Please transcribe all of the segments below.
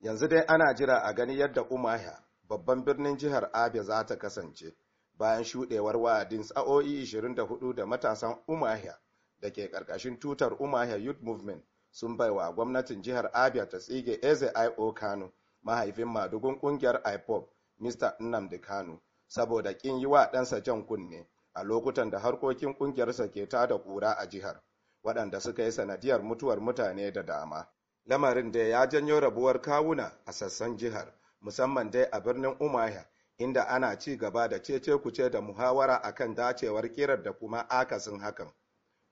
yanzu dai ana jira a gani yadda umaya babban birnin jihar abia za ta kasance bayan shudewar wa'adin sa'o'i 24 da matasan umaya da ke karkashin tutar umaya youth movement sun baiwa gwamnatin jihar abia ta tsige eze io kano mahaifin madugun kungiyar ipop mr nnamdi kano saboda kin yi wa ɗansa jan kunne a lokutan da harkokin kungiyarsa ke tada kura a jihar waɗanda suka yi sanadiyar mutuwar mutane da dama lamarin da ya janyo rabuwar kawuna a sassan jihar musamman dai a birnin umaya inda ana ci gaba da cece kuce da muhawara a kan dacewar kirar da kuma akasin hakan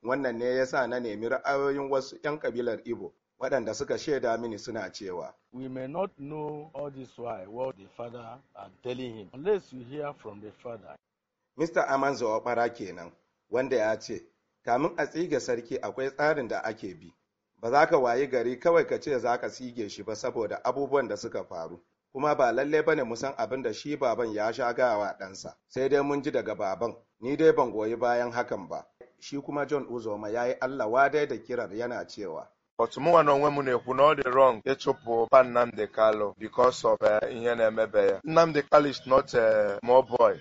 wannan ne ya sa na nemi ra'ayoyin wasu 'yan kabilar ibo waɗanda suka shaida mini suna cewa we may not know all this why what the father are telling him unless you hear from the father Mr. Amanzo kenan wanda ya ce kamin a tsige sarki akwai tsarin da ake bi ba za ka wayi gari kawai ka ce za ka sige shi ba saboda abubuwan da suka faru kuma ba lalle bane mu san abin da shi baban ya sha gawa ɗansa sai dai mun ji daga baban ni dai ban goyi bayan hakan ba shi kuma john uzoma ya yi allah wadai da kirar yana cewa But mu wani onwe mu na-ekwu na ọ dị wrong ịchụpụ pa Nnamdi Kalu because of eh, ihe na-emebe ya. Nnamdi Kalu is not a more boy.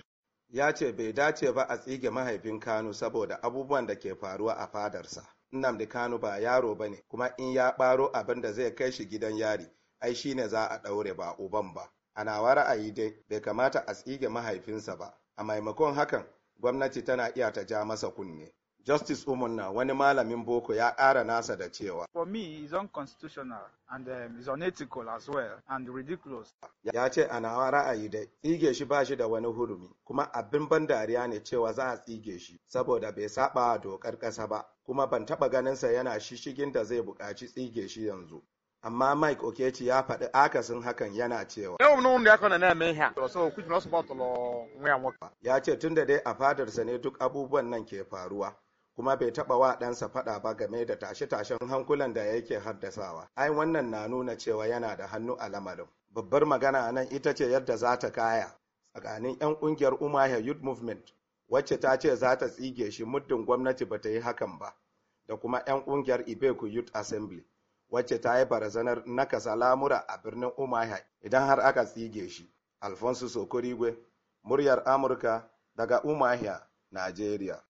Ya ce bai dace ba a tsige mahaifin Kano saboda abubuwan da ke faruwa a fadarsa. Nnamdi Kanu ba yaro ba ne, kuma in ya ɓaro abin da zai kai shi gidan yari ai shi ne za a ɗaure ba uban ba. A nawa ra'ayi dai bai kamata a tsige mahaifinsa ba, a maimakon hakan gwamnati tana iya ta ja masa kunne. Justice Umunna wani malamin boko ya ƙara nasa da cewa. For me, is unconstitutional and um, is unethical as well and ridiculous. Ya ce a nawa ra'ayi dai, tsige shi ba shi da wani hurumi, kuma abin ban dariya ne cewa za a tsige shi saboda bai saba dokar ƙasa ba, kuma ban taɓa sa yana shishigin da zai buƙaci tsige shi yanzu. amma Mike Okechi ya faɗi akasin hakan yana cewa. Yau nun da na mai ha. Ya ce tunda dai a fadarsa ne duk abubuwan nan ke faruwa. kuma bai taba wa ɗansa faɗa ba game da tashe-tashen hankulan da yake haddasawa ai wannan na nuna cewa yana da hannu a lamarin babbar magana nan ita ce yadda za ta kaya tsakanin 'yan ƙungiyar Umaya youth movement wacce ta ce za ta tsige shi muddin gwamnati ba ta yi hakan ba da kuma 'yan ƙungiyar ibeku youth assembly wacce ta yi barazanar nakasa lamura a birnin Umaya idan har aka tsige shi alfonso sokorigwe muryar amurka daga Umaya, najeriya